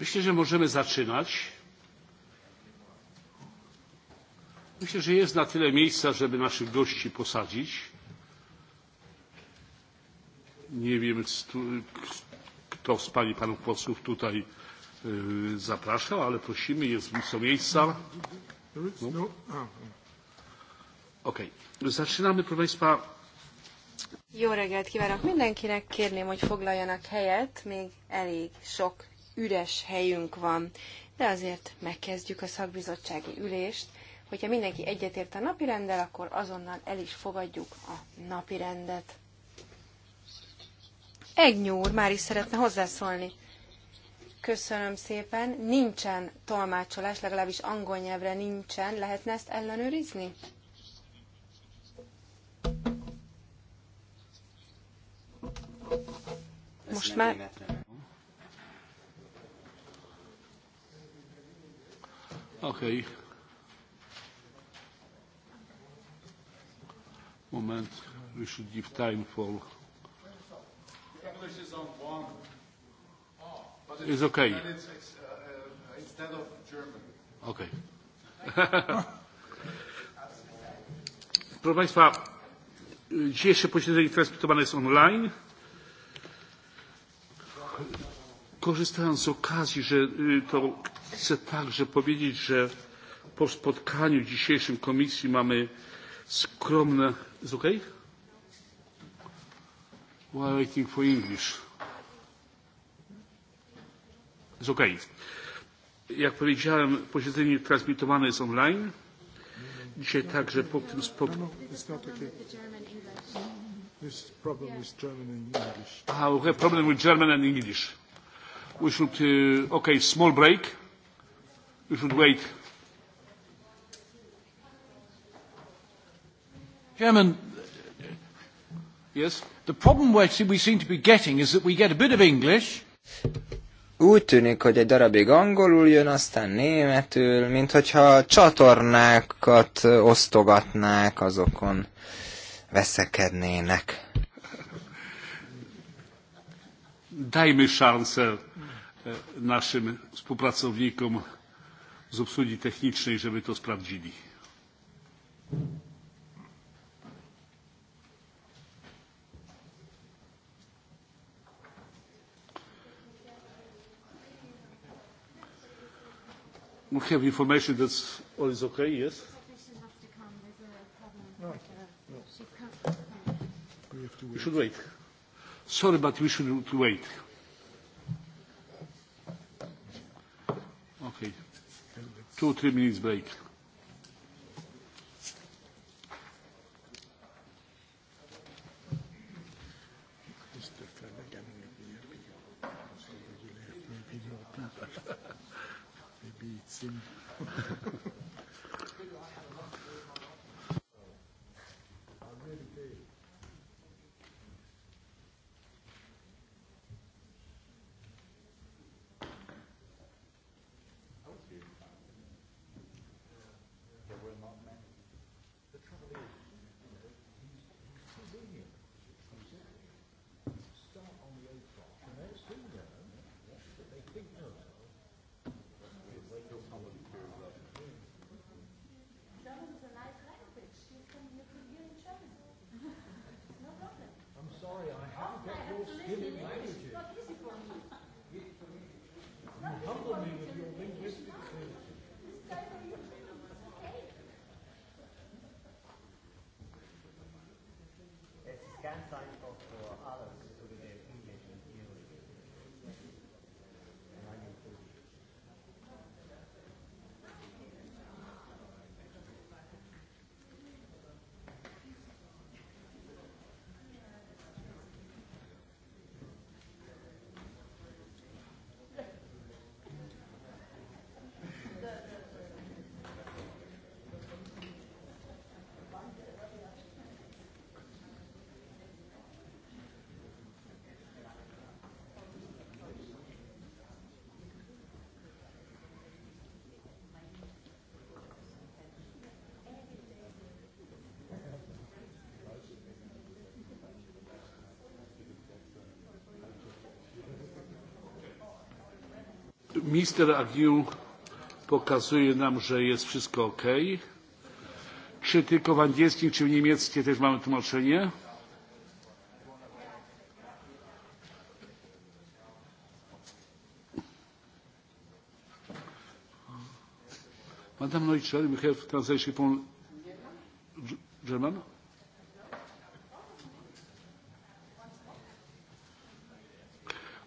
Myślę, że możemy zaczynać. Myślę, że jest na tyle miejsca, żeby naszych gości posadzić. Nie wiem, kto z pani panów posłów tutaj zapraszał, ale prosimy, jest są miejsca. No. Okay. Zaczynamy, proszę Państwa. Jó reggelt kívánok mindenkinek, kérném, hogy foglaljanak helyet, még elég sok üres helyünk van. De azért megkezdjük a szakbizottsági ülést. Hogyha mindenki egyetért a napirenddel, akkor azonnal el is fogadjuk a napirendet. Egy már is szeretne hozzászólni. Köszönöm szépen. Nincsen tolmácsolás, legalábbis angol nyelvre nincsen. Lehetne ezt ellenőrizni? Most már... Okay. Moment, we should give time for. English is on one. Oh, but it's, it's okay. And it's, it's, uh, instead of German. Okay. Proszę Państwa, dzisiejsze posiedzenie transmitowane jest online. korzystając z okazji, że to chcę także powiedzieć, że po spotkaniu dzisiejszym komisji mamy skromne. Is okay? We're waiting for English. Is okay. Jak powiedziałem, posiedzenie transmitowane jest online. Dzisiaj także po tym spotkaniu. This problem is German and Ah, okay, problem with German and English we should, uh, okay, small break. We should wait. Chairman, yes, the problem we seem to be getting is that we get a bit of English. Úgy tűnik, hogy egy darabig angolul jön, aztán németül, mint hogyha csatornákat osztogatnák, azokon veszekednének. Dajmy szansę naszym współpracownikom z obsługi technicznej, żeby to sprawdzili. We have information that all is okay, yes? We should wait. Sorry, but we should wait. Okay. Two, three minutes break. Maybe it's in. Minister Agnew pokazuje nam, że jest wszystko ok. Czy tylko w angielskim, czy w niemieckim też mamy tłumaczenie? Madame Neuchel, we have translation from German.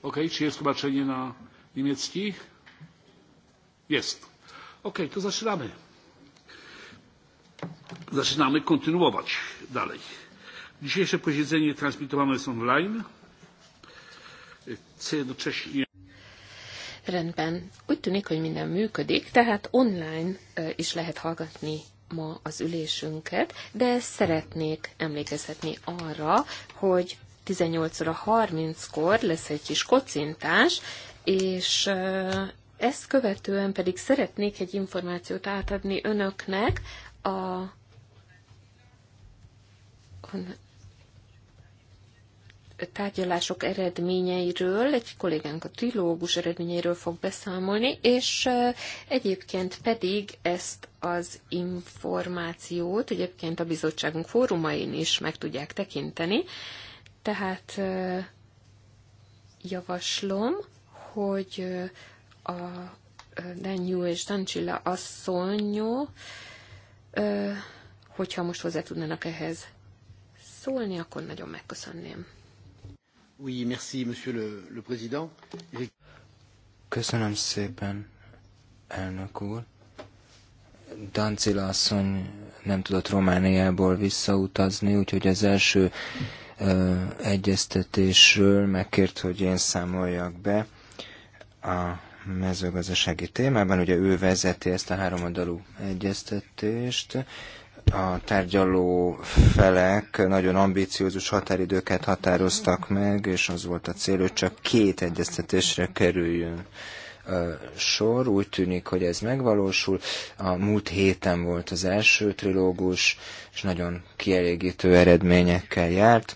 Ok, czy jest tłumaczenie na niemieckich? Jest. Ok, to zaczynamy. Zaczynamy kontynuować dalej. Dzisiejsze posiedzenie transmitowane jest online. Chcę jednocześnie Rendben. Úgy tűnik, hogy minden működik, tehát online is lehet hallgatni ma az ülésünket, de szeretnék emlékezhetni arra, hogy 18 óra 30-kor lesz egy kis kocintás, és ezt követően pedig szeretnék egy információt átadni önöknek a, tárgyalások eredményeiről, egy kollégánk a trilógus eredményeiről fog beszámolni, és egyébként pedig ezt az információt egyébként a bizottságunk fórumain is meg tudják tekinteni, tehát javaslom, hogy a Danyú és Dancsilla asszonyó, hogyha most hozzá tudnának ehhez szólni, akkor nagyon megköszönném. Oui, merci, monsieur le, le président. Köszönöm szépen, elnök úr. Dancila asszony nem tudott Romániából visszautazni, úgyhogy az első ö, egyeztetésről megkért, hogy én számoljak be a mezőgazdasági témában, ugye ő vezeti ezt a háromadalú egyeztetést, a tárgyaló felek nagyon ambiciózus határidőket határoztak meg, és az volt a cél, hogy csak két egyeztetésre kerüljön sor. Úgy tűnik, hogy ez megvalósul. A múlt héten volt az első trilógus, és nagyon kielégítő eredményekkel járt.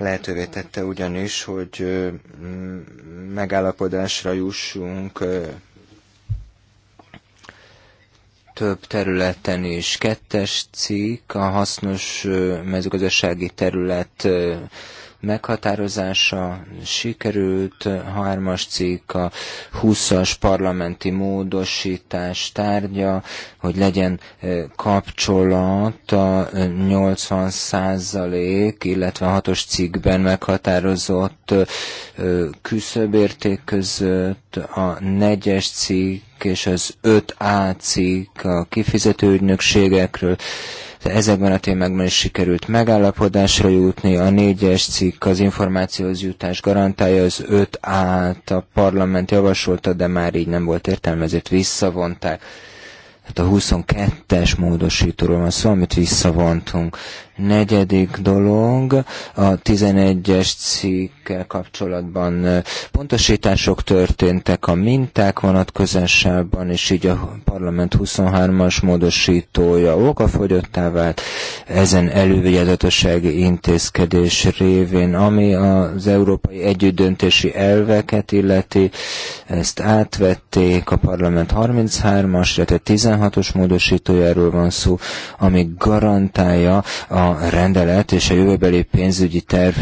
Lehetővé tette ugyanis, hogy megállapodásra jussunk több területen is. Kettes cikk a hasznos mezőgazdasági terület meghatározása sikerült, hármas cikk a 20-as parlamenti módosítás tárgya, hogy legyen eh, kapcsolat a 80 eh, százalék, illetve a 6-os cikkben meghatározott eh, küszöbérték között a 4-es cikk és az 5A cikk a kifizető ügynökségekről, de ezekben a témákban is sikerült megállapodásra jutni. A négyes cikk az információhoz jutás garantálja, az 5 át a parlament javasolta, de már így nem volt értelmezett visszavonták. Hát a 22-es módosítóról van szó, amit visszavontunk. Negyedik dolog, a 11-es cikkel kapcsolatban pontosítások történtek a minták vonatkozásában, és így a parlament 23-as módosítója okafogyottá vált ezen elővigyázatossági intézkedés révén, ami az európai együttdöntési elveket illeti, ezt átvették a parlament 33-as, illetve 16-os módosítójáról van szó, ami garantálja a rendelet és a jövőbeli pénzügyi terv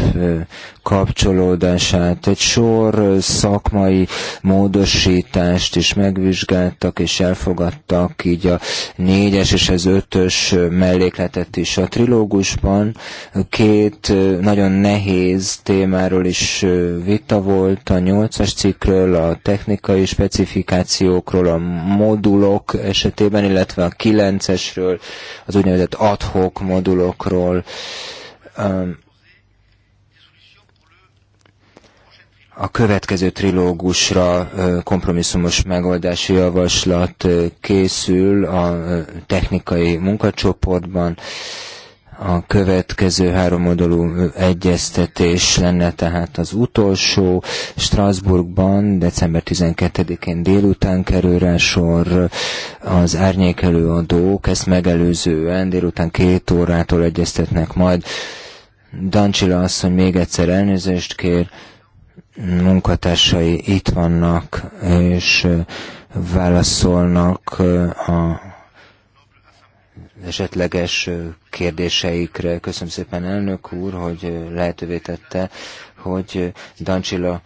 kapcsolódását. Egy sor szakmai módosítást is megvizsgáltak és elfogadtak, így a négyes és az ötös mellékletet is. A trilógusban két nagyon nehéz témáról is vita volt, a nyolcas cikkről, a technikai specifikációkról, a modulok esetében, illetve a kilencesről, az úgynevezett adhok modulokról, Unióról. A következő trilógusra kompromisszumos megoldási javaslat készül a technikai munkacsoportban a következő háromoldalú egyeztetés lenne tehát az utolsó. Strasbourgban december 12-én délután kerül rá sor az árnyékelő adók, ezt megelőzően délután két órától egyeztetnek majd. Dancsila asszony még egyszer elnézést kér, munkatársai itt vannak, és válaszolnak a esetleges kérdéseikre. Köszönöm szépen elnök úr, hogy lehetővé tette, hogy Dancsila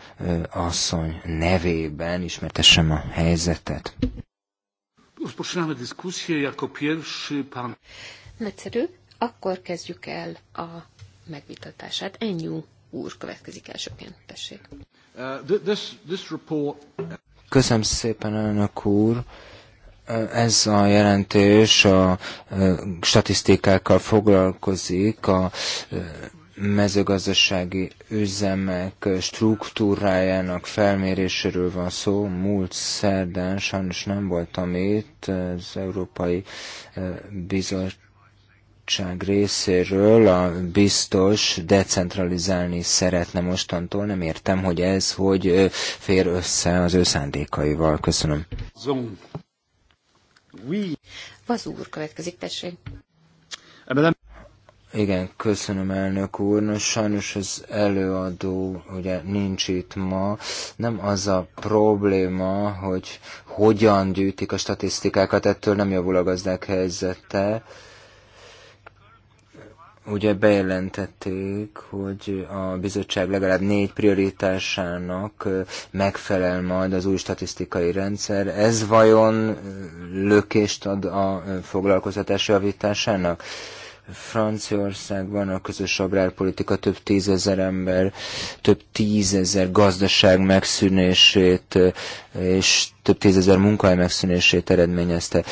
asszony nevében ismertessem a helyzetet. pan... Nagyszerű. Akkor kezdjük el a megvitatását. Ennyi úr következik elsőként. Tessék. Uh, this, this report... Köszönöm szépen, elnök úr. Ez a jelentés a statisztikákkal foglalkozik, a mezőgazdasági üzemek struktúrájának felméréséről van szó. Múlt szerdán sajnos nem voltam itt, az Európai Bizottság részéről a biztos decentralizálni szeretne mostantól. Nem értem, hogy ez hogy fér össze az ő szándékaival. Köszönöm. Zong. Oui. Vaz következik, tessék. Ebben igen, köszönöm elnök úr. Nos, sajnos az előadó ugye nincs itt ma. Nem az a probléma, hogy hogyan gyűjtik a statisztikákat, ettől nem javul a gazdák helyzete ugye bejelentették, hogy a bizottság legalább négy prioritásának megfelel majd az új statisztikai rendszer. Ez vajon lökést ad a foglalkoztatás javításának? Franciaországban a közös agrárpolitika több tízezer ember, több tízezer gazdaság megszűnését és több tízezer munkahely megszűnését eredményezte.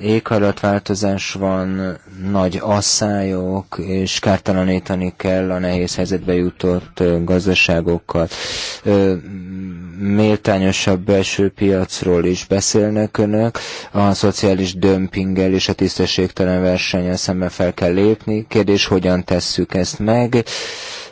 Éghajlatváltozás van, nagy asszályok, és kártalanítani kell a nehéz helyzetbe jutott gazdaságokat. Méltányosabb belső piacról is beszélnek önök, a szociális dömpinggel és a tisztességtelen versenyen szemben fel kell lépni. Kérdés, hogyan tesszük ezt meg?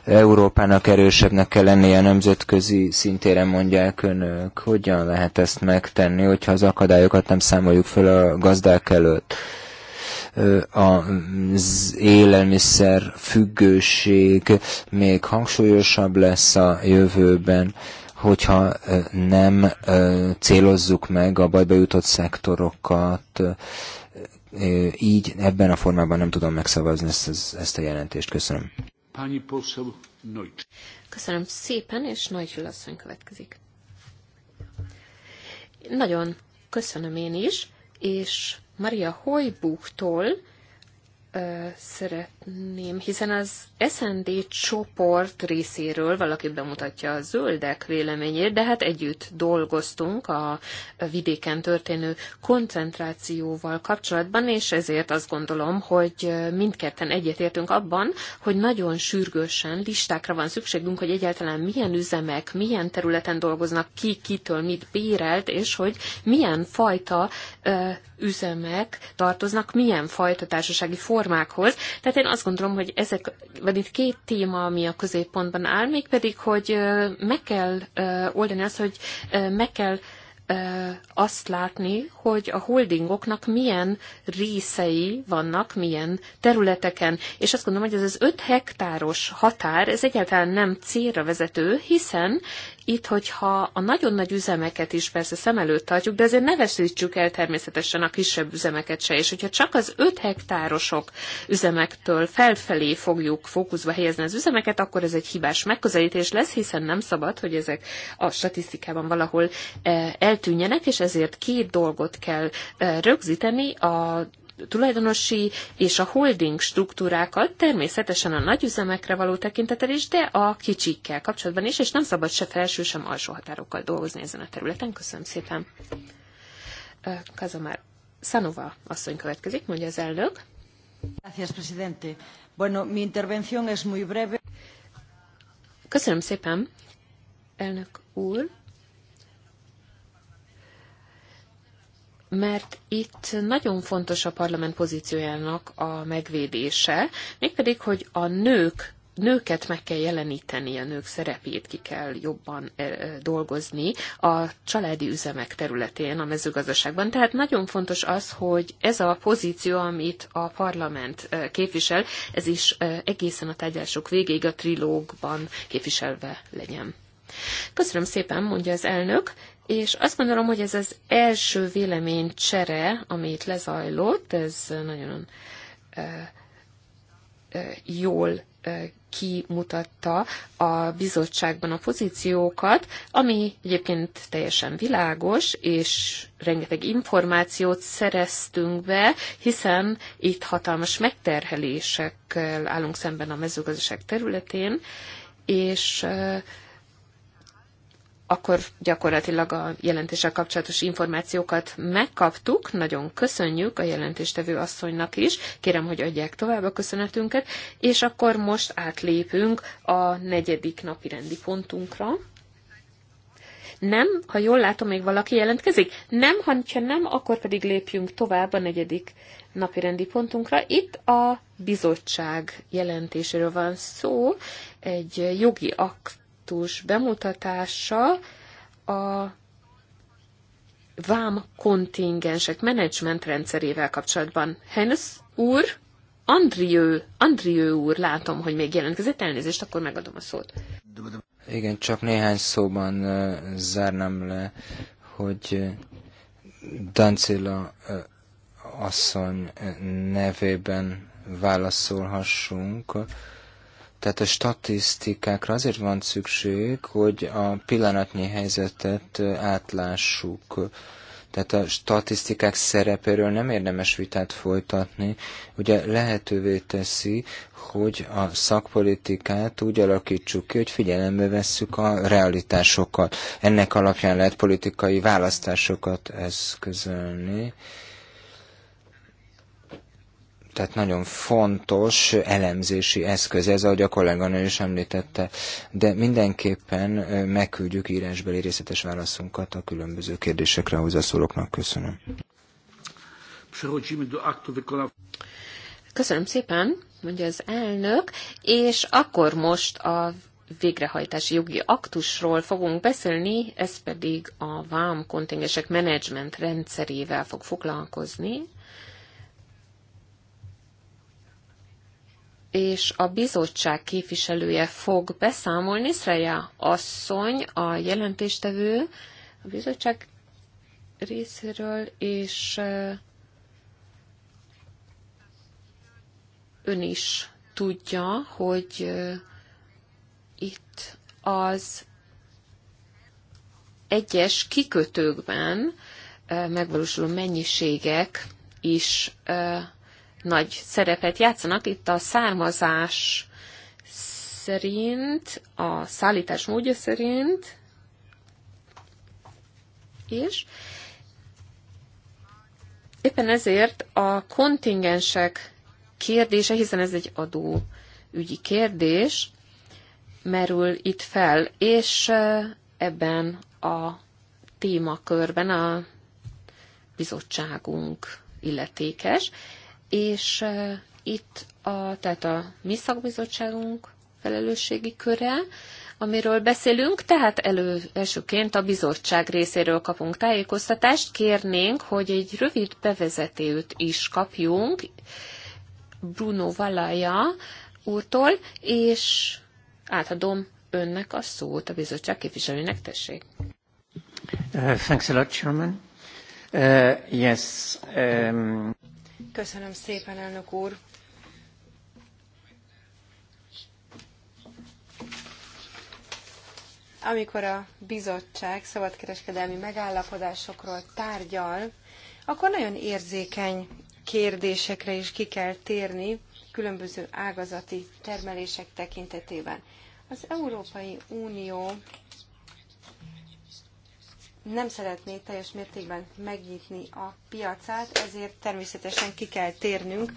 Európának erősebbnek kell lennie a nemzetközi szintéren mondják önök. Hogyan lehet ezt megtenni, hogyha az akadályokat nem számoljuk fel a gazdák előtt? az élelmiszer függőség még hangsúlyosabb lesz a jövőben, hogyha nem célozzuk meg a bajba jutott szektorokat, így ebben a formában nem tudom megszavazni ezt, ezt a jelentést. Köszönöm. Pani poseł Köszönöm szépen, és Nagy asszony következik. Nagyon köszönöm én is, és Maria Hojbuchtól szeret szeretném, hiszen az SND csoport részéről valaki bemutatja a zöldek véleményét, de hát együtt dolgoztunk a vidéken történő koncentrációval kapcsolatban, és ezért azt gondolom, hogy mindketten egyetértünk abban, hogy nagyon sürgősen listákra van szükségünk, hogy egyáltalán milyen üzemek, milyen területen dolgoznak, ki kitől mit bérelt, és hogy milyen fajta üzemek tartoznak, milyen fajta társasági formákhoz. Tehát én azt gondolom, hogy ezek, vagy itt két téma, ami a középpontban áll, mégpedig, hogy meg kell oldani azt, hogy meg kell azt látni, hogy a holdingoknak milyen részei vannak, milyen területeken. És azt gondolom, hogy ez az 5 hektáros határ, ez egyáltalán nem célra vezető, hiszen itt, hogyha a nagyon nagy üzemeket is persze szem előtt tartjuk, de azért ne veszítsük el természetesen a kisebb üzemeket se, és hogyha csak az 5 hektárosok üzemektől felfelé fogjuk fókuszba helyezni az üzemeket, akkor ez egy hibás megközelítés lesz, hiszen nem szabad, hogy ezek a statisztikában valahol eh, eltűnjenek, és ezért két dolgot kell eh, rögzíteni, a tulajdonosi és a holding struktúrákat természetesen a nagyüzemekre való tekintetel is, de a kicsikkel kapcsolatban is, és nem szabad se felső, sem alsó határokkal dolgozni ezen a területen. Köszönöm szépen. Kazamár Szanova asszony következik, mondja az elnök. Gracias, presidente. Bueno, mi intervención es muy breve. Köszönöm szépen, elnök úr. mert itt nagyon fontos a parlament pozíciójának a megvédése, mégpedig, hogy a nők nőket meg kell jeleníteni, a nők szerepét ki kell jobban e, e, dolgozni a családi üzemek területén, a mezőgazdaságban. Tehát nagyon fontos az, hogy ez a pozíció, amit a parlament e, képvisel, ez is egészen a tárgyalások végéig a trilógban képviselve legyen. Köszönöm szépen, mondja az elnök, és azt gondolom, hogy ez az első vélemény csere, amit lezajlott, ez nagyon jól kimutatta a bizottságban a pozíciókat, ami egyébként teljesen világos, és rengeteg információt szereztünk be, hiszen itt hatalmas megterhelésekkel állunk szemben a mezőgazdaság területén, és akkor gyakorlatilag a jelentéssel kapcsolatos információkat megkaptuk. Nagyon köszönjük a jelentéstevő asszonynak is. Kérem, hogy adják tovább a köszönetünket. És akkor most átlépünk a negyedik napi rendi pontunkra. Nem, ha jól látom, még valaki jelentkezik? Nem, ha nem, akkor pedig lépjünk tovább a negyedik napi rendi pontunkra. Itt a bizottság jelentéséről van szó, egy jogi akt aspektus bemutatása a vám kontingensek menedzsment rendszerével kapcsolatban. Hennes úr, Andriő, Andriő úr, látom, hogy még jelentkezett, elnézést, akkor megadom a szót. Igen, csak néhány szóban uh, zárnám le, hogy uh, Dancila uh, asszony nevében válaszolhassunk. Uh, tehát a statisztikákra azért van szükség, hogy a pillanatnyi helyzetet átlássuk. Tehát a statisztikák szerepéről nem érdemes vitát folytatni. Ugye lehetővé teszi, hogy a szakpolitikát úgy alakítsuk ki, hogy figyelembe vesszük a realitásokat. Ennek alapján lehet politikai választásokat eszközölni. Tehát nagyon fontos elemzési eszköz ez, ahogy a kolléganő is említette. De mindenképpen megküldjük írásbeli részletes válaszunkat a különböző kérdésekre a hozzászólóknak. Köszönöm. Köszönöm szépen, mondja az elnök, és akkor most a végrehajtási jogi aktusról fogunk beszélni, ez pedig a vám kontingensek menedzsment rendszerével fog foglalkozni, és a bizottság képviselője fog beszámolni. Szreja asszony, a jelentéstevő a bizottság részéről, és ön is tudja, hogy itt az egyes kikötőkben megvalósuló mennyiségek is nagy szerepet játszanak. Itt a származás szerint, a szállítás módja szerint, és éppen ezért a kontingensek kérdése, hiszen ez egy adó ügyi kérdés, merül itt fel, és ebben a témakörben a bizottságunk illetékes, és itt a, tehát a mi szakbizottságunk felelősségi köre, amiről beszélünk, tehát elő, elsőként a bizottság részéről kapunk tájékoztatást, kérnénk, hogy egy rövid bevezetőt is kapjunk Bruno Valaja úrtól, és átadom önnek a szót a bizottság képviselőnek, tessék. Uh, thanks a lot, Chairman. Uh, yes. Um... Köszönöm szépen, elnök úr. Amikor a bizottság szabadkereskedelmi megállapodásokról tárgyal, akkor nagyon érzékeny kérdésekre is ki kell térni különböző ágazati termelések tekintetében. Az Európai Unió nem szeretné teljes mértékben megnyitni a piacát, ezért természetesen ki kell térnünk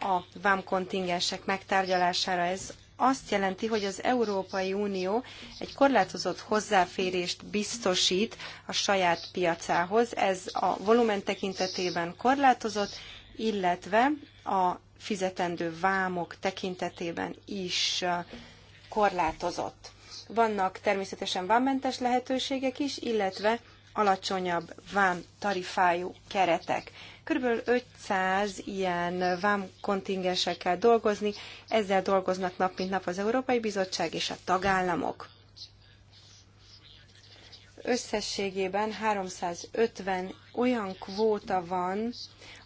a vámkontingensek megtárgyalására. Ez azt jelenti, hogy az Európai Unió egy korlátozott hozzáférést biztosít a saját piacához. Ez a volumen tekintetében korlátozott, illetve a fizetendő vámok tekintetében is uh, korlátozott. Vannak természetesen vámmentes lehetőségek is, illetve alacsonyabb vám tarifájú keretek. Körülbelül 500 ilyen vám kontingensekkel dolgozni, ezzel dolgoznak nap mint nap az Európai Bizottság és a tagállamok. Összességében 350 olyan kvóta van,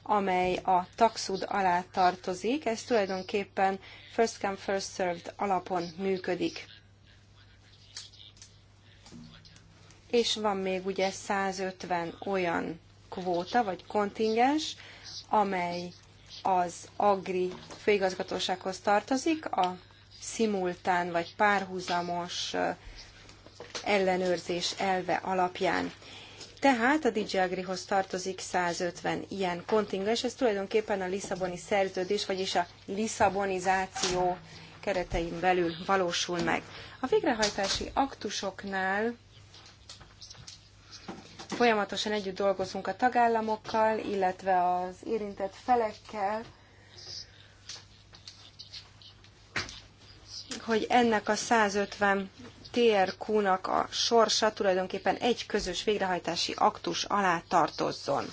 amely a taxud alá tartozik. Ez tulajdonképpen first come, first served alapon működik. és van még ugye 150 olyan kvóta vagy kontingens, amely az Agri főigazgatósághoz tartozik, a szimultán vagy párhuzamos ellenőrzés elve alapján. Tehát a DJ Agrihoz tartozik 150 ilyen kontingens, ez tulajdonképpen a Lisszaboni szerződés, vagyis a Lisszabonizáció keretein belül valósul meg. A végrehajtási aktusoknál Folyamatosan együtt dolgozunk a tagállamokkal, illetve az érintett felekkel, hogy ennek a 150 TRQ-nak a sorsa tulajdonképpen egy közös végrehajtási aktus alá tartozzon.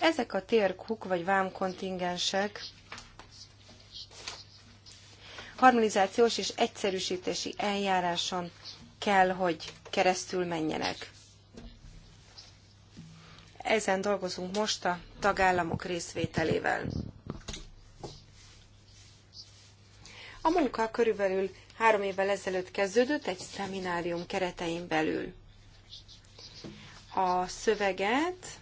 Ezek a TRQ-k vagy vámkontingensek harmonizációs és egyszerűsítési eljáráson kell, hogy keresztül menjenek. Ezen dolgozunk most a tagállamok részvételével. A munka körülbelül három évvel ezelőtt kezdődött egy szeminárium keretein belül. A szöveget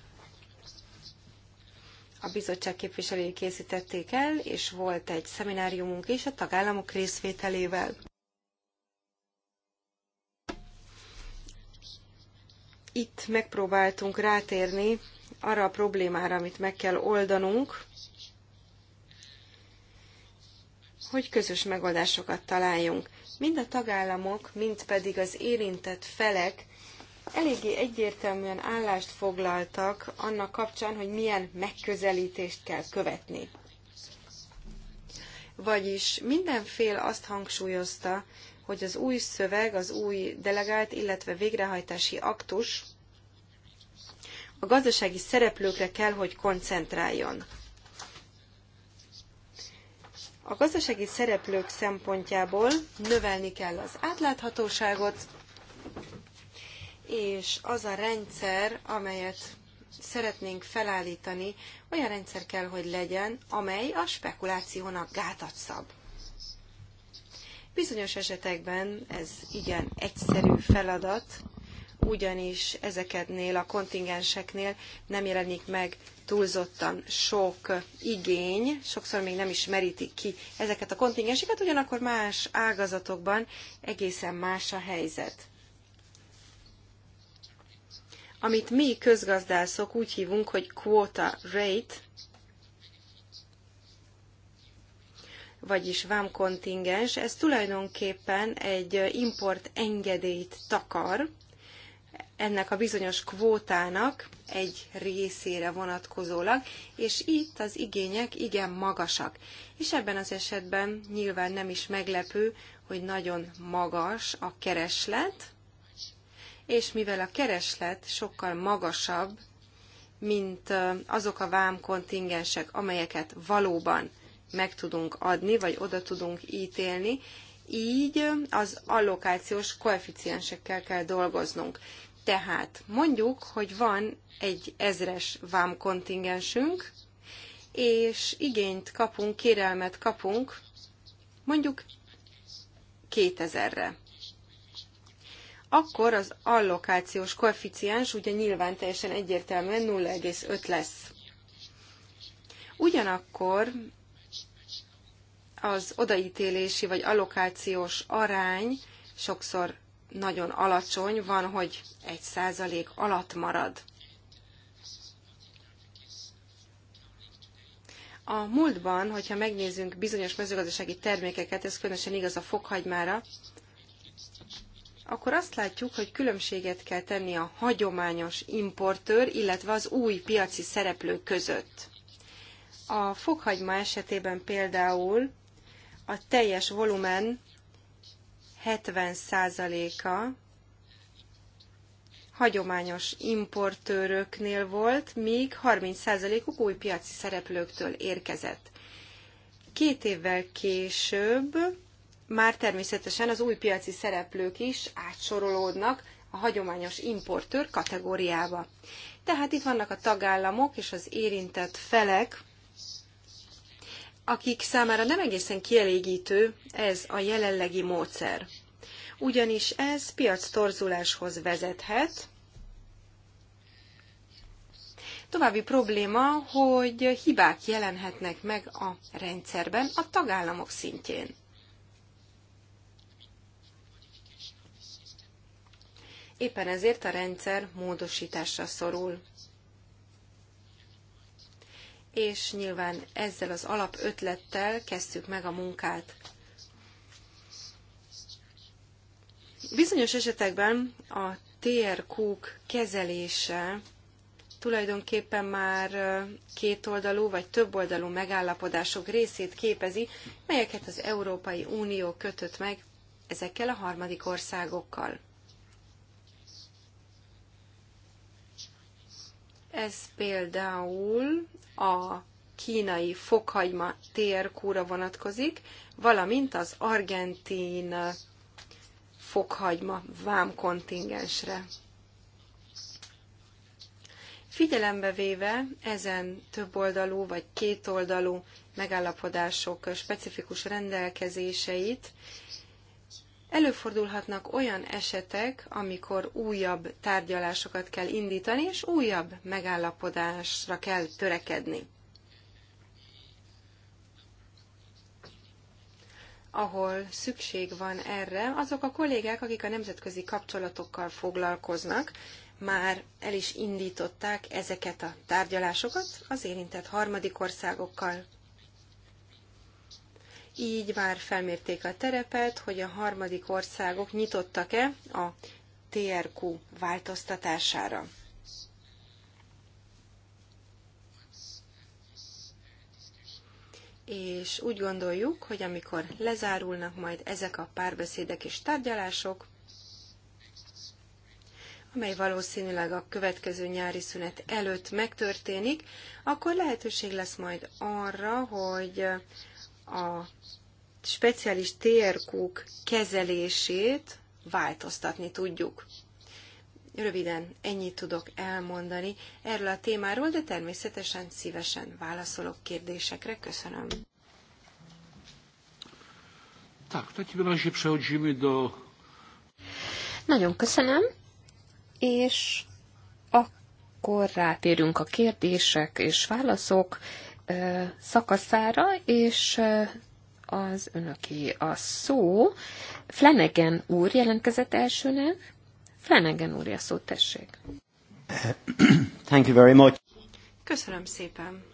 a bizottság képviselői készítették el, és volt egy szemináriumunk is a tagállamok részvételével. itt megpróbáltunk rátérni arra a problémára, amit meg kell oldanunk, hogy közös megoldásokat találjunk. Mind a tagállamok, mind pedig az érintett felek eléggé egyértelműen állást foglaltak annak kapcsán, hogy milyen megközelítést kell követni. Vagyis minden fél azt hangsúlyozta, hogy az új szöveg, az új delegált, illetve végrehajtási aktus a gazdasági szereplőkre kell, hogy koncentráljon. A gazdasági szereplők szempontjából növelni kell az átláthatóságot, és az a rendszer, amelyet szeretnénk felállítani, olyan rendszer kell, hogy legyen, amely a spekulációnak gátat szab. Bizonyos esetekben ez igen egyszerű feladat, ugyanis ezeknél a kontingenseknél nem jelenik meg túlzottan sok igény, sokszor még nem is merítik ki ezeket a kontingenseket, ugyanakkor más ágazatokban egészen más a helyzet. Amit mi közgazdászok úgy hívunk, hogy quota rate, vagyis vámkontingens, ez tulajdonképpen egy import engedélyt takar, ennek a bizonyos kvótának egy részére vonatkozólag, és itt az igények igen magasak. És ebben az esetben nyilván nem is meglepő, hogy nagyon magas a kereslet, és mivel a kereslet sokkal magasabb, mint azok a vámkontingensek, amelyeket valóban meg tudunk adni, vagy oda tudunk ítélni, így az allokációs koeficiensekkel kell dolgoznunk. Tehát mondjuk, hogy van egy ezres vám kontingensünk, és igényt kapunk, kérelmet kapunk, mondjuk 2000-re. Akkor az allokációs koeficiens ugye nyilván teljesen egyértelműen 0,5 lesz. Ugyanakkor az odaítélési vagy allokációs arány sokszor nagyon alacsony, van, hogy egy százalék alatt marad. A múltban, hogyha megnézzünk bizonyos mezőgazdasági termékeket, ez különösen igaz a fokhagymára, akkor azt látjuk, hogy különbséget kell tenni a hagyományos importőr, illetve az új piaci szereplők között. A fokhagyma esetében például a teljes volumen 70%-a hagyományos importőröknél volt, míg 30%-uk új piaci szereplőktől érkezett. Két évvel később már természetesen az új piaci szereplők is átsorolódnak a hagyományos importőr kategóriába. Tehát itt vannak a tagállamok és az érintett felek, akik számára nem egészen kielégítő ez a jelenlegi módszer. Ugyanis ez piac torzuláshoz vezethet. További probléma, hogy hibák jelenhetnek meg a rendszerben a tagállamok szintjén. Éppen ezért a rendszer módosításra szorul és nyilván ezzel az alapötlettel kezdtük meg a munkát. Bizonyos esetekben a TRQ-k kezelése tulajdonképpen már kétoldalú vagy többoldalú megállapodások részét képezi, melyeket az Európai Unió kötött meg ezekkel a harmadik országokkal. Ez például a kínai fokhagyma térkúra vonatkozik, valamint az argentin fokhagyma vámkontingensre. Figyelembe véve ezen többoldalú vagy kétoldalú megállapodások specifikus rendelkezéseit, Előfordulhatnak olyan esetek, amikor újabb tárgyalásokat kell indítani, és újabb megállapodásra kell törekedni. ahol szükség van erre, azok a kollégák, akik a nemzetközi kapcsolatokkal foglalkoznak, már el is indították ezeket a tárgyalásokat az érintett harmadik országokkal így már felmérték a terepet, hogy a harmadik országok nyitottak-e a TRQ változtatására. És úgy gondoljuk, hogy amikor lezárulnak majd ezek a párbeszédek és tárgyalások, amely valószínűleg a következő nyári szünet előtt megtörténik, akkor lehetőség lesz majd arra, hogy a speciális térkúk kezelését változtatni tudjuk. Röviden ennyit tudok elmondani erről a témáról, de természetesen szívesen válaszolok kérdésekre. Köszönöm. Tak, do... Nagyon köszönöm, és akkor rátérünk a kérdések és válaszok szakaszára, és az önöké a szó. Flanagan úr jelentkezett elsőnek. Flanagan úr, a szót tessék. Thank you very much. Köszönöm szépen.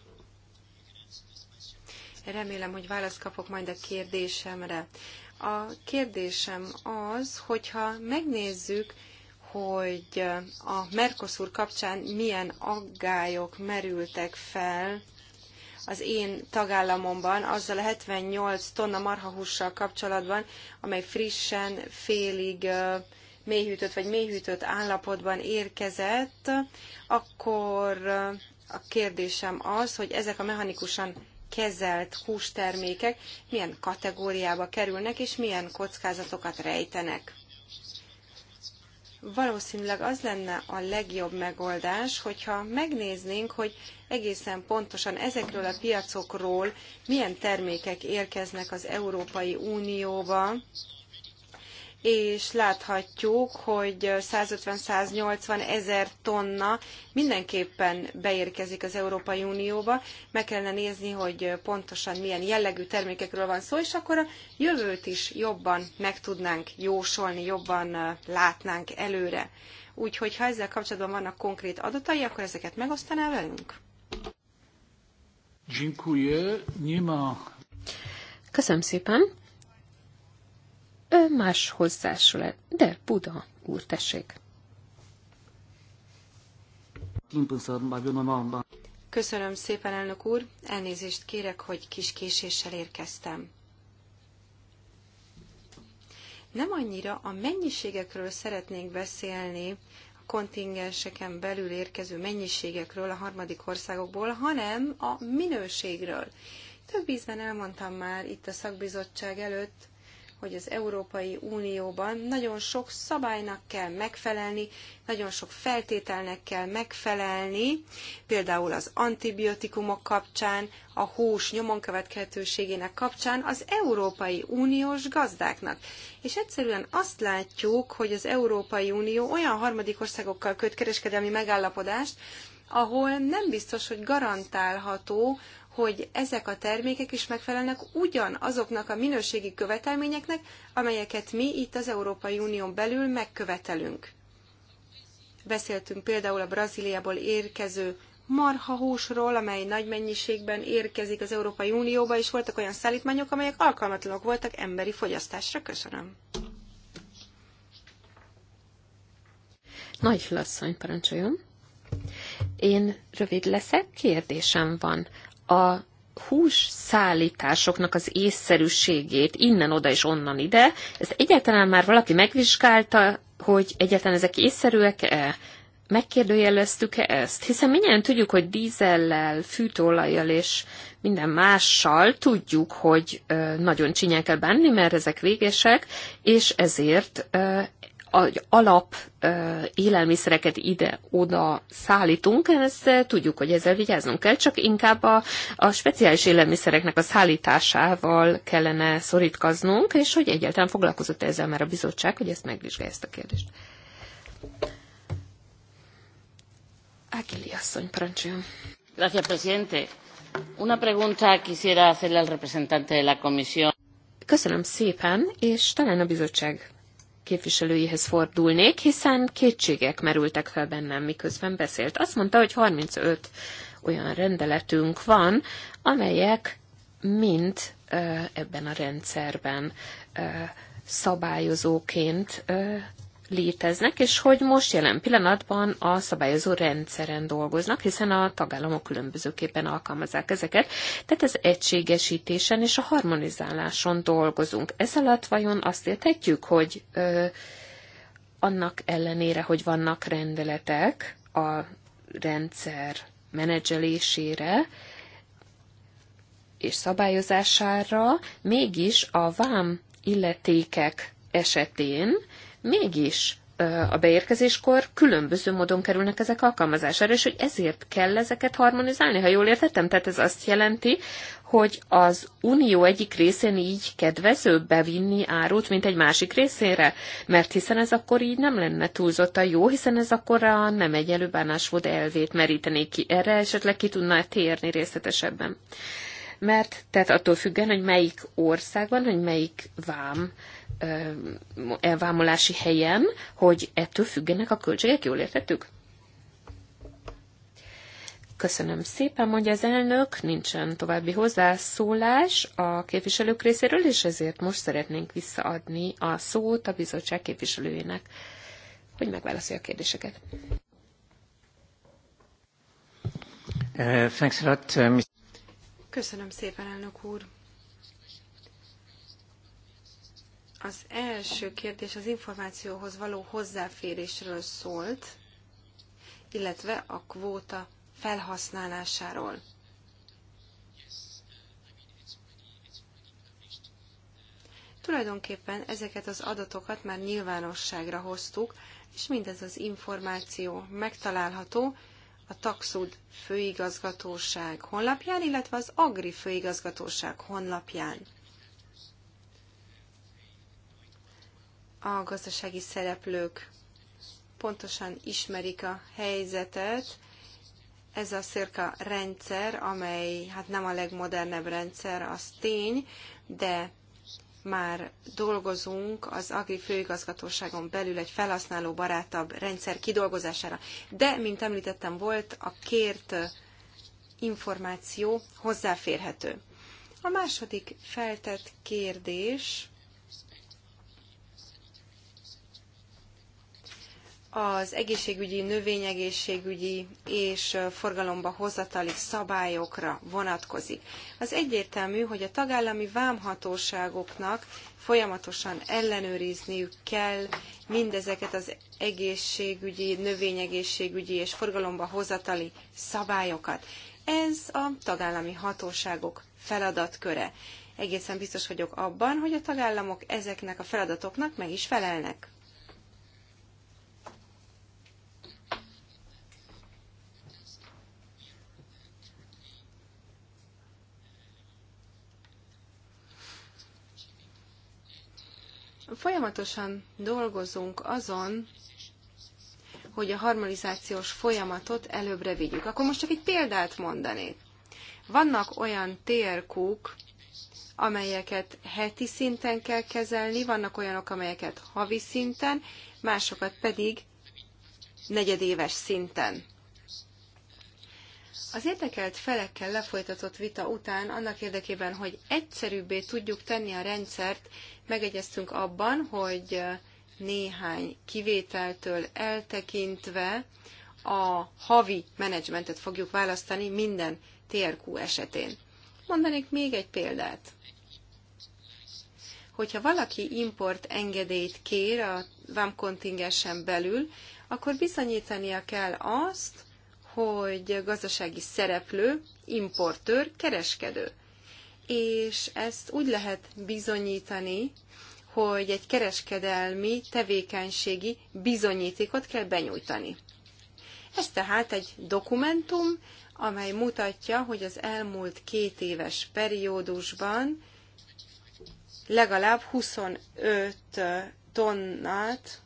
Remélem, hogy választ kapok majd a kérdésemre. A kérdésem az, hogyha megnézzük, hogy a Mercosur kapcsán milyen aggályok merültek fel, az én tagállamomban azzal a 78 tonna marhahússal kapcsolatban, amely frissen, félig mélyhűtött vagy mélyhűtött állapotban érkezett, akkor a kérdésem az, hogy ezek a mechanikusan kezelt hústermékek milyen kategóriába kerülnek, és milyen kockázatokat rejtenek valószínűleg az lenne a legjobb megoldás, hogyha megnéznénk, hogy egészen pontosan ezekről a piacokról milyen termékek érkeznek az Európai Unióba, és láthatjuk, hogy 150-180 ezer tonna mindenképpen beérkezik az Európai Unióba. Meg kellene nézni, hogy pontosan milyen jellegű termékekről van szó, és akkor a jövőt is jobban meg tudnánk jósolni, jobban látnánk előre. Úgyhogy ha ezzel kapcsolatban vannak konkrét adatai, akkor ezeket megosztaná velünk? Köszönöm szépen más hozzásolás. De Buda úr, tessék. Köszönöm szépen, elnök úr. Elnézést kérek, hogy kis késéssel érkeztem. Nem annyira a mennyiségekről szeretnék beszélni, a kontingenseken belül érkező mennyiségekről a harmadik országokból, hanem a minőségről. Több ízben elmondtam már itt a szakbizottság előtt, hogy az Európai Unióban nagyon sok szabálynak kell megfelelni, nagyon sok feltételnek kell megfelelni, például az antibiotikumok kapcsán, a hús nyomon következhetőségének kapcsán az Európai Uniós gazdáknak. És egyszerűen azt látjuk, hogy az Európai Unió olyan harmadik országokkal köt kereskedelmi megállapodást, ahol nem biztos, hogy garantálható hogy ezek a termékek is megfelelnek ugyanazoknak a minőségi követelményeknek, amelyeket mi itt az Európai Unión belül megkövetelünk. Beszéltünk például a Brazíliából érkező marhahúsról, amely nagy mennyiségben érkezik az Európai Unióba, és voltak olyan szállítmányok, amelyek alkalmatlanok voltak emberi fogyasztásra. Köszönöm. Nagy lasszony, parancsoljon. Én rövid leszek, kérdésem van a hús szállításoknak az észszerűségét innen oda és onnan ide, ez egyáltalán már valaki megvizsgálta, hogy egyáltalán ezek észszerűek-e? Megkérdőjeleztük-e ezt? Hiszen mindjárt tudjuk, hogy dízellel, fűtőolajjal és minden mással tudjuk, hogy nagyon csinyán kell bánni, mert ezek végesek, és ezért alap élelmiszereket ide-oda szállítunk, ezt tudjuk, hogy ezzel vigyáznunk kell, csak inkább a, a speciális élelmiszereknek a szállításával kellene szorítkaznunk, és hogy egyáltalán foglalkozott -e ezzel már a bizottság, hogy ezt megvizsgálja ezt a kérdést. Ágili asszony, parancsoljon. Gracias, presidente. Una pregunta quisiera hacerle al representante de la comisión. Köszönöm szépen, és talán a bizottság képviselőihez fordulnék, hiszen kétségek merültek fel bennem, miközben beszélt. Azt mondta, hogy 35 olyan rendeletünk van, amelyek mind ebben a rendszerben szabályozóként léteznek, és hogy most jelen pillanatban a szabályozó rendszeren dolgoznak, hiszen a tagállamok különbözőképpen alkalmazzák ezeket. Tehát az egységesítésen és a harmonizáláson dolgozunk. Ez alatt vajon azt érthetjük, hogy ö, annak ellenére, hogy vannak rendeletek a rendszer menedzselésére, és szabályozására, mégis a vám illetékek esetén mégis a beérkezéskor különböző módon kerülnek ezek alkalmazására, és hogy ezért kell ezeket harmonizálni, ha jól értettem. Tehát ez azt jelenti, hogy az unió egyik részén így kedvezőbb bevinni árut, mint egy másik részére, mert hiszen ez akkor így nem lenne túlzottan jó, hiszen ez akkor a nem egyenlő bánásmód elvét merítené ki. Erre esetleg ki tudná térni részletesebben. Mert tehát attól függően, hogy melyik országban, hogy melyik vám elvámolási helyen, hogy ettől függenek a költségek, jól értettük? Köszönöm szépen, mondja az elnök, nincsen további hozzászólás a képviselők részéről, és ezért most szeretnénk visszaadni a szót a bizottság képviselőjének, hogy megválaszolja a kérdéseket. Uh, uh, Köszönöm szépen, elnök úr. Az első kérdés az információhoz való hozzáférésről szólt, illetve a kvóta felhasználásáról. Tulajdonképpen ezeket az adatokat már nyilvánosságra hoztuk, és mindez az információ megtalálható a Taxud főigazgatóság honlapján, illetve az Agri főigazgatóság honlapján. a gazdasági szereplők pontosan ismerik a helyzetet. Ez a szirka rendszer, amely hát nem a legmodernebb rendszer, az tény, de már dolgozunk az Agri főigazgatóságon belül egy felhasználó barátabb rendszer kidolgozására. De, mint említettem, volt a kért információ hozzáférhető. A második feltett kérdés az egészségügyi, növényegészségügyi és forgalomba hozatali szabályokra vonatkozik. Az egyértelmű, hogy a tagállami vámhatóságoknak folyamatosan ellenőrizniük kell mindezeket az egészségügyi, növényegészségügyi és forgalomba hozatali szabályokat. Ez a tagállami hatóságok feladatköre. Egészen biztos vagyok abban, hogy a tagállamok ezeknek a feladatoknak meg is felelnek. Folyamatosan dolgozunk azon, hogy a harmonizációs folyamatot előbbre vigyük. Akkor most csak egy példát mondanék. Vannak olyan térkúk, amelyeket heti szinten kell kezelni, vannak olyanok, amelyeket havi szinten, másokat pedig negyedéves szinten. Az érdekelt felekkel lefolytatott vita után, annak érdekében, hogy egyszerűbbé tudjuk tenni a rendszert, megegyeztünk abban, hogy néhány kivételtől eltekintve a havi menedzsmentet fogjuk választani minden TRQ esetén. Mondanék még egy példát. Hogyha valaki import engedélyt kér a vámkontingensen belül, akkor bizonyítania kell azt, hogy gazdasági szereplő, importőr, kereskedő. És ezt úgy lehet bizonyítani, hogy egy kereskedelmi tevékenységi bizonyítékot kell benyújtani. Ez tehát egy dokumentum, amely mutatja, hogy az elmúlt két éves periódusban legalább 25 tonnát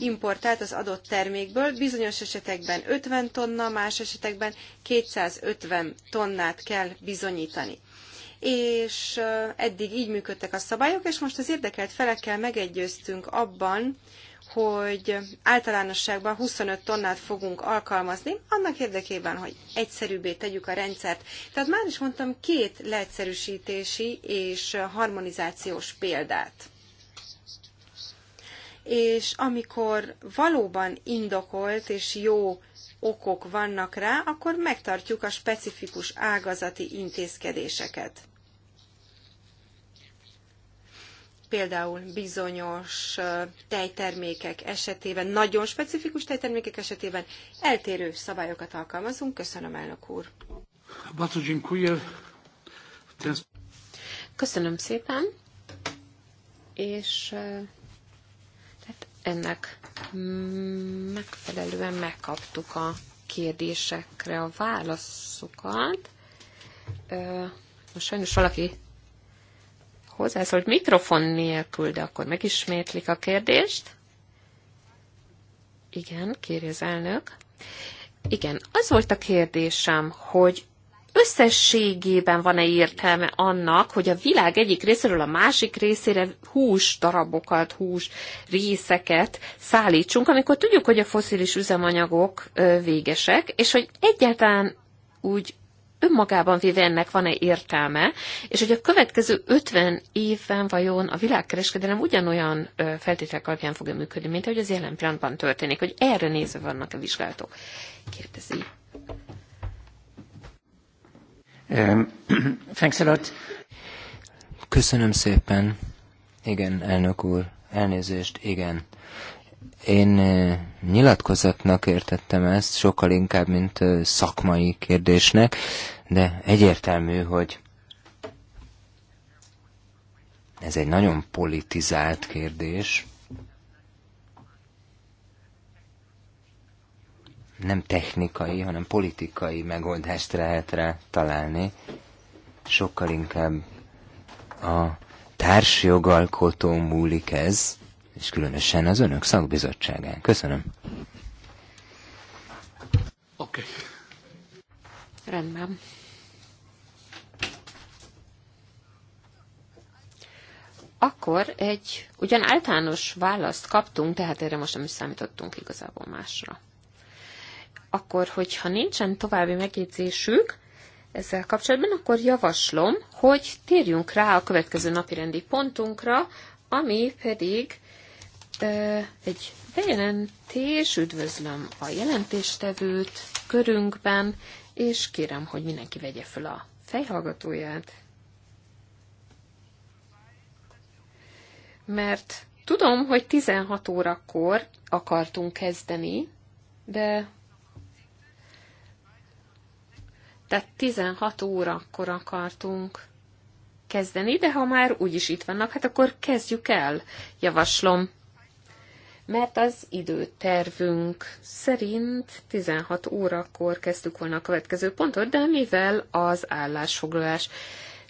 importált az adott termékből, bizonyos esetekben 50 tonna, más esetekben 250 tonnát kell bizonyítani. És eddig így működtek a szabályok, és most az érdekelt felekkel megegyeztünk abban, hogy általánosságban 25 tonnát fogunk alkalmazni, annak érdekében, hogy egyszerűbbé tegyük a rendszert. Tehát már is mondtam két leegyszerűsítési és harmonizációs példát és amikor valóban indokolt és jó okok vannak rá, akkor megtartjuk a specifikus ágazati intézkedéseket. Például bizonyos tejtermékek esetében, nagyon specifikus tejtermékek esetében eltérő szabályokat alkalmazunk. Köszönöm, elnök úr! Köszönöm szépen, és ennek megfelelően megkaptuk a kérdésekre a válaszokat. Most sajnos valaki hozzászólt mikrofon nélkül, de akkor megismétlik a kérdést. Igen, kérje az elnök. Igen, az volt a kérdésem, hogy összességében van-e értelme annak, hogy a világ egyik részéről a másik részére hús darabokat, hús részeket szállítsunk, amikor tudjuk, hogy a foszilis üzemanyagok végesek, és hogy egyáltalán úgy önmagában véve ennek van-e értelme, és hogy a következő 50 évben vajon a világkereskedelem ugyanolyan feltételek alapján fog működni, mint ahogy az jelen pillanatban történik, hogy erre nézve vannak a vizsgálatok, kérdezi Thanks a lot. Köszönöm szépen. Igen, elnök úr, elnézést, igen. Én nyilatkozatnak értettem ezt, sokkal inkább, mint szakmai kérdésnek, de egyértelmű, hogy ez egy nagyon politizált kérdés, nem technikai, hanem politikai megoldást lehet rá találni. Sokkal inkább a társjogalkotó múlik ez, és különösen az önök szakbizottságán. Köszönöm. Oké. Okay. Rendben. Akkor egy ugyan általános választ kaptunk, tehát erre most nem is számítottunk igazából másra akkor, hogyha nincsen további megjegyzésük ezzel kapcsolatban, akkor javaslom, hogy térjünk rá a következő napirendi pontunkra, ami pedig ö, egy bejelentés, üdvözlöm a jelentéstevőt körünkben, és kérem, hogy mindenki vegye fel a fejhallgatóját. Mert tudom, hogy 16 órakor akartunk kezdeni, de Tehát 16 órakor akartunk kezdeni, de ha már úgyis itt vannak, hát akkor kezdjük el, javaslom. Mert az időtervünk szerint 16 órakor kezdtük volna a következő pontot, de mivel az állásfoglalás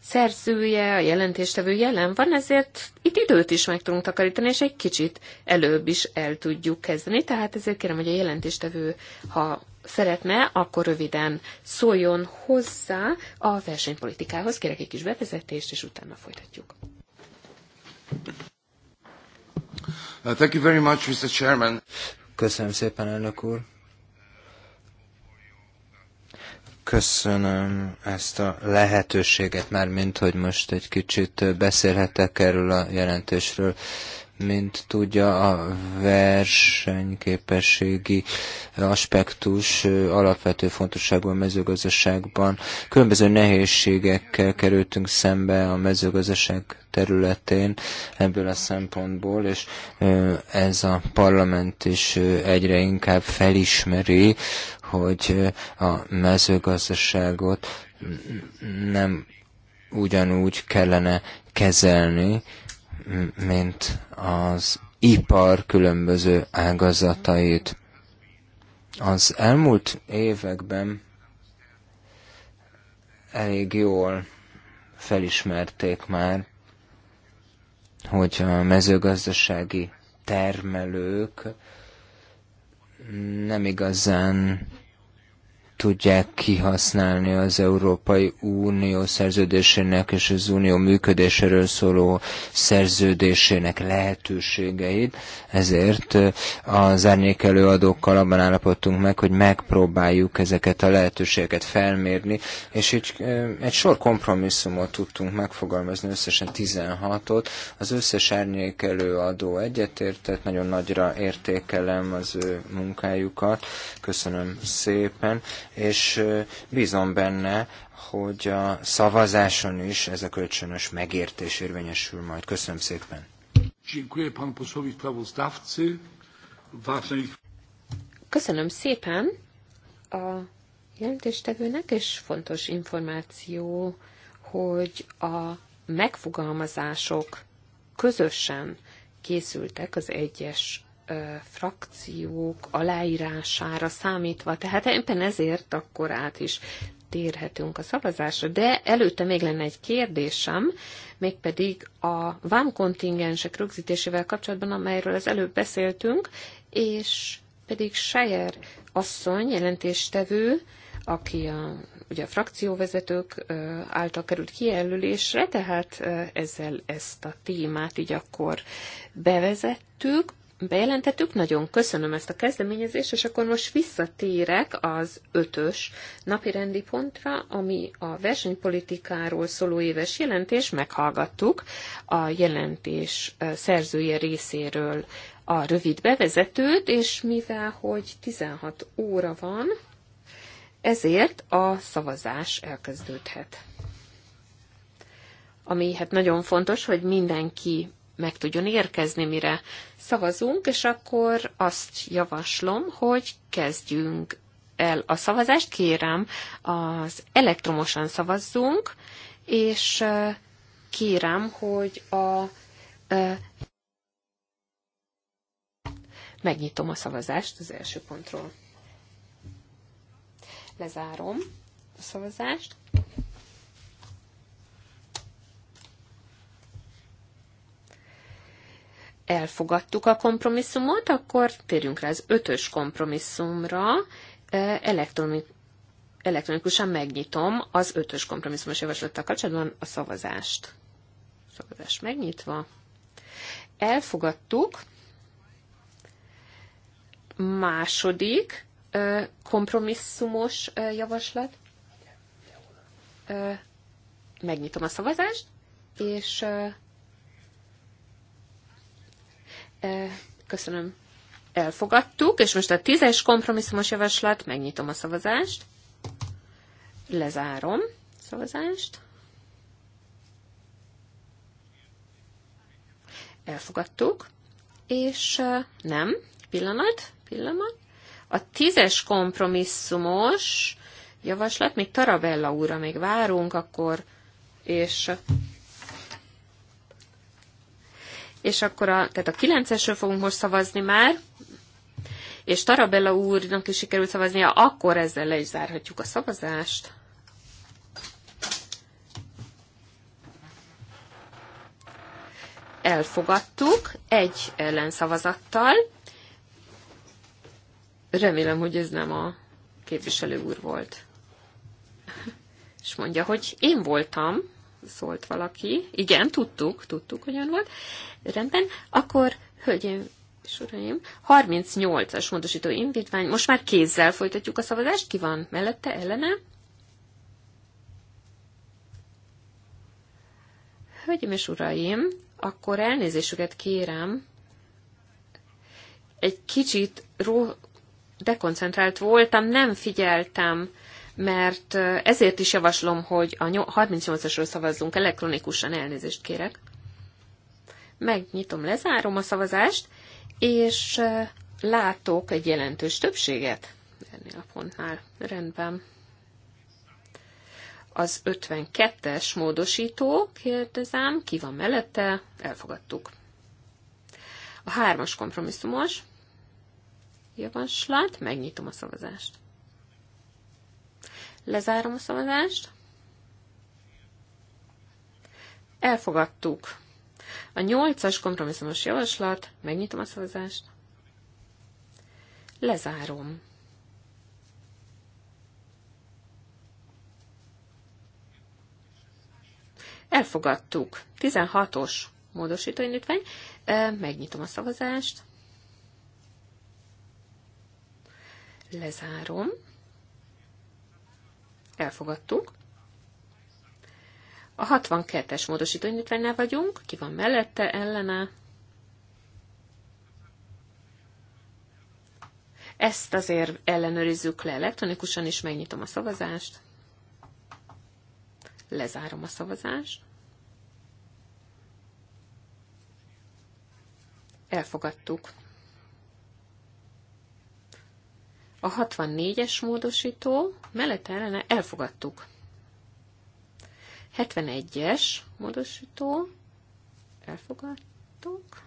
szerzője, a jelentéstevő jelen van, ezért itt időt is meg tudunk takarítani, és egy kicsit előbb is el tudjuk kezdeni. Tehát ezért kérem, hogy a jelentéstevő, ha szeretne, akkor röviden szóljon hozzá a versenypolitikához. Kérek egy kis bevezetést, és utána folytatjuk. Uh, thank you very much, Mr. Chairman. Köszönöm szépen, elnök úr. Köszönöm ezt a lehetőséget, már mint hogy most egy kicsit uh, beszélhetek erről a jelentésről. Mint tudja, a versenyképességi aspektus alapvető fontosságú a mezőgazdaságban. Különböző nehézségekkel kerültünk szembe a mezőgazdaság területén ebből a szempontból, és ez a parlament is egyre inkább felismeri, hogy a mezőgazdaságot nem ugyanúgy kellene kezelni, mint az ipar különböző ágazatait. Az elmúlt években elég jól felismerték már, hogy a mezőgazdasági termelők nem igazán tudják kihasználni az Európai Unió szerződésének és az Unió működéséről szóló szerződésének lehetőségeit. Ezért az árnyékelő adókkal abban állapodtunk meg, hogy megpróbáljuk ezeket a lehetőségeket felmérni, és így egy sor kompromisszumot tudtunk megfogalmazni, összesen 16-ot. Az összes árnyékelő adó egyetértett, nagyon nagyra értékelem az ő munkájukat. Köszönöm szépen és bízom benne, hogy a szavazáson is ez a kölcsönös megértés érvényesül majd. Köszönöm szépen. Köszönöm szépen a jelentéstevőnek, és fontos információ, hogy a megfogalmazások közösen készültek az egyes frakciók aláírására számítva, tehát éppen ezért akkor át is térhetünk a szavazásra. De előtte még lenne egy kérdésem, mégpedig a vámkontingensek rögzítésével kapcsolatban, amelyről az előbb beszéltünk, és pedig Sejer asszony, jelentéstevő, aki a, ugye a frakcióvezetők által került kijelölésre, tehát ezzel ezt a témát így akkor bevezettük bejelentettük. Nagyon köszönöm ezt a kezdeményezést, és akkor most visszatérek az ötös napi rendi pontra, ami a versenypolitikáról szóló éves jelentés. Meghallgattuk a jelentés szerzője részéről a rövid bevezetőt, és mivel hogy 16 óra van, ezért a szavazás elkezdődhet. Ami hát nagyon fontos, hogy mindenki meg tudjon érkezni, mire szavazunk, és akkor azt javaslom, hogy kezdjünk el a szavazást. Kérem, az elektromosan szavazzunk, és kérem, hogy a megnyitom a szavazást az első pontról. Lezárom a szavazást. elfogadtuk a kompromisszumot, akkor térjünk rá az ötös kompromisszumra. Elektronik, elektronikusan megnyitom az ötös kompromisszumos javaslattal kapcsolatban a szavazást. Szavazás megnyitva. Elfogadtuk. Második kompromisszumos javaslat. Megnyitom a szavazást, és Köszönöm. Elfogadtuk, és most a tízes kompromisszumos javaslat, megnyitom a szavazást, lezárom a szavazást, elfogadtuk, és nem, pillanat, pillanat, a tízes kompromisszumos javaslat, még Tarabella úra még várunk, akkor, és és akkor a, tehát a 9-esről fogunk most szavazni már, és Tarabella úrnak is sikerült szavaznia, akkor ezzel le is zárhatjuk a szavazást. Elfogadtuk egy ellenszavazattal. Remélem, hogy ez nem a képviselő úr volt. És mondja, hogy én voltam, szólt valaki. Igen, tudtuk, tudtuk, hogyan volt. Rendben. Akkor, hölgyeim és uraim, 38-as módosító indítvány. Most már kézzel folytatjuk a szavazást. Ki van mellette, ellene? Hölgyeim és uraim, akkor elnézésüket kérem. Egy kicsit ró... dekoncentrált voltam, nem figyeltem mert ezért is javaslom, hogy a 38-asról szavazzunk elektronikusan, elnézést kérek. Megnyitom, lezárom a szavazást, és látok egy jelentős többséget ennél a pontnál. Rendben. Az 52-es módosító, kérdezem, ki van mellette? Elfogadtuk. A hármas kompromisszumos javaslat, megnyitom a szavazást. Lezárom a szavazást. Elfogadtuk. A nyolcas kompromisszumos javaslat, megnyitom a szavazást. Lezárom. Elfogadtuk. 16-os indítvány. Megnyitom a szavazást. Lezárom elfogadtunk. A 62-es módosítóindítványnál vagyunk. Ki van mellette, ellene? Ezt azért ellenőrizzük le elektronikusan is, megnyitom a szavazást. Lezárom a szavazást. Elfogadtuk. A 64-es módosító mellett ellene elfogadtuk. 71-es módosító elfogadtuk.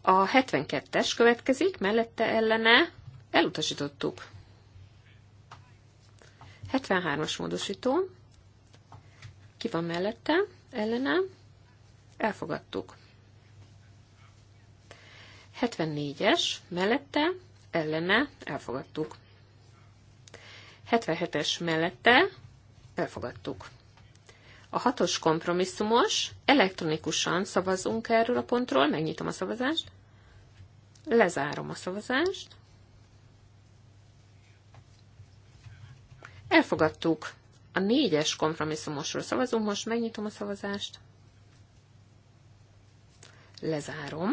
A 72-es következik, mellette ellene elutasítottuk. 73-as módosító. Ki van mellette? ellenem elfogadtuk. 74-es mellette, ellene, elfogadtuk. 77-es mellette, elfogadtuk. A hatos kompromisszumos, elektronikusan szavazunk erről a pontról, megnyitom a szavazást, lezárom a szavazást, elfogadtuk. A négyes kompromisszumosról szavazunk, most megnyitom a szavazást, Lezárom.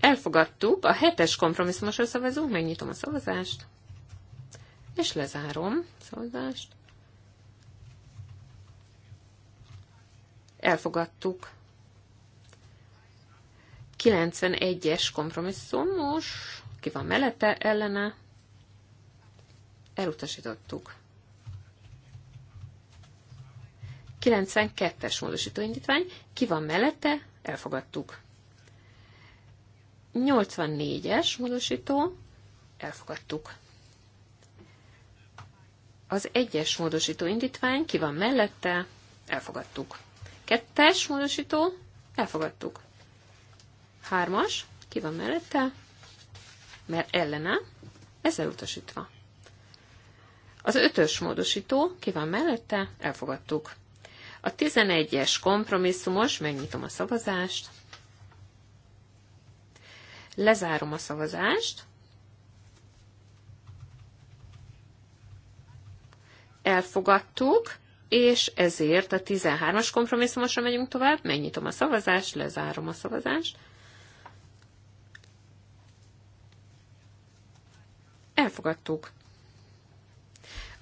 Elfogadtuk, a hetes kompromisszumosra szavazunk, megnyitom a szavazást, és lezárom a szavazást. Elfogadtuk. 91-es kompromisszumos, ki van mellette, ellene, elutasítottuk. 92-es módosítóindítvány, indítvány, ki van mellette, elfogadtuk. 84-es módosító, elfogadtuk. Az egyes módosító indítvány, ki van mellette, elfogadtuk. 2-es módosító, elfogadtuk. 3-as, ki van mellette, mert ellene, ez elutasítva. Az ötös módosító, ki van mellette, elfogadtuk. A 11-es kompromisszumos, megnyitom a szavazást, lezárom a szavazást, elfogadtuk, és ezért a 13-as kompromisszumosra megyünk tovább, megnyitom a szavazást, lezárom a szavazást, elfogadtuk.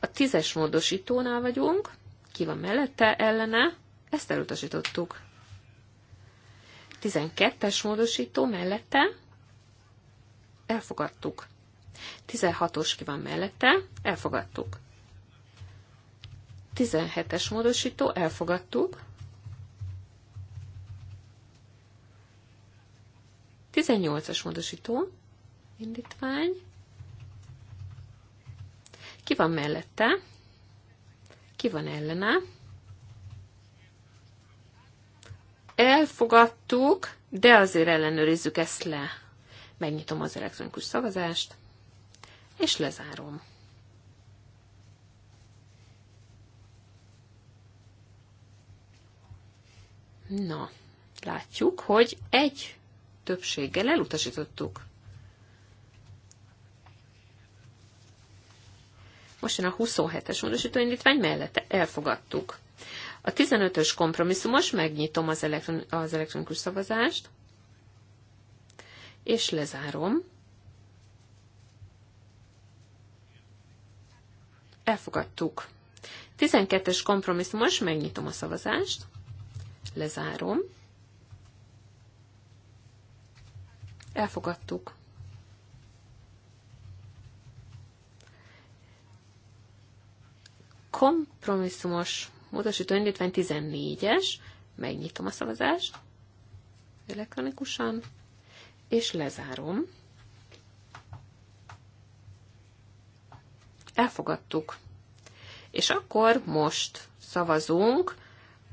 A 10-es módosítónál vagyunk, ki van mellette, ellene, ezt elutasítottuk. 12-es módosító mellette, elfogadtuk. 16-os ki van mellette, elfogadtuk. 17-es módosító, elfogadtuk. 18-as módosító, indítvány. Ki van mellette? Ki van ellene? Elfogadtuk, de azért ellenőrizzük ezt le. Megnyitom az elektronikus szavazást, és lezárom. Na, látjuk, hogy egy többséggel elutasítottuk. Most jön a 27-es módosítóindítvány mellette, elfogadtuk. A 15-ös kompromisszumos, megnyitom az, elektron, az elektronikus szavazást, és lezárom. Elfogadtuk. 12-es kompromisszumos, megnyitom a szavazást, lezárom. Elfogadtuk. Kompromisszumos módosító indítvány 14-es, megnyitom a szavazást elektronikusan, és lezárom. Elfogadtuk. És akkor most szavazunk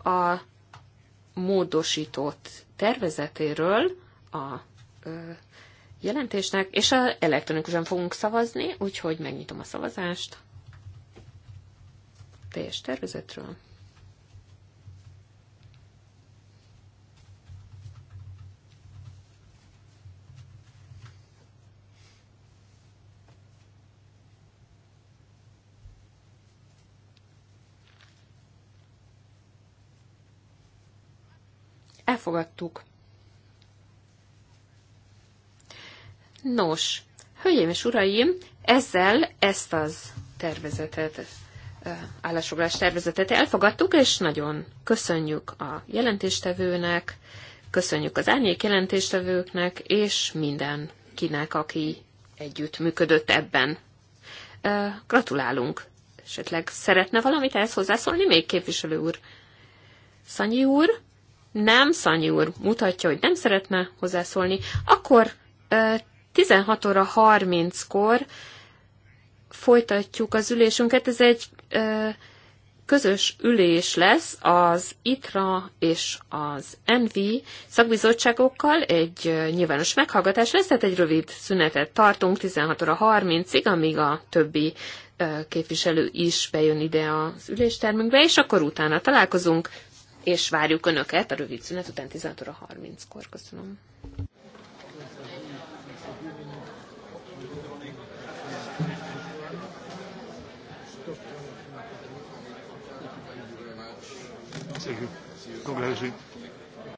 a módosított tervezetéről a ö, jelentésnek, és a elektronikusan fogunk szavazni, úgyhogy megnyitom a szavazást teljes tervezetről. elfogadtuk. Nos, hölgyeim és uraim, ezzel ezt az tervezetet állásfoglalás tervezetet elfogadtuk, és nagyon köszönjük a jelentéstevőnek, köszönjük az árnyék jelentéstevőknek, és mindenkinek aki együtt működött ebben. Gratulálunk! Esetleg szeretne valamit ehhez hozzászólni még, képviselő úr? Szanyi úr? Nem, Szanyi úr mutatja, hogy nem szeretne hozzászólni. Akkor 16 óra 30-kor folytatjuk az ülésünket. Ez egy ö, közös ülés lesz az ITRA és az NV szakbizottságokkal, egy nyilvános meghallgatás lesz, tehát egy rövid szünetet tartunk 16 óra 30-ig, amíg a többi képviselő is bejön ide az üléstermünkbe, és akkor utána találkozunk, és várjuk Önöket a rövid szünet után 16 óra 30-kor. Köszönöm. Thank you.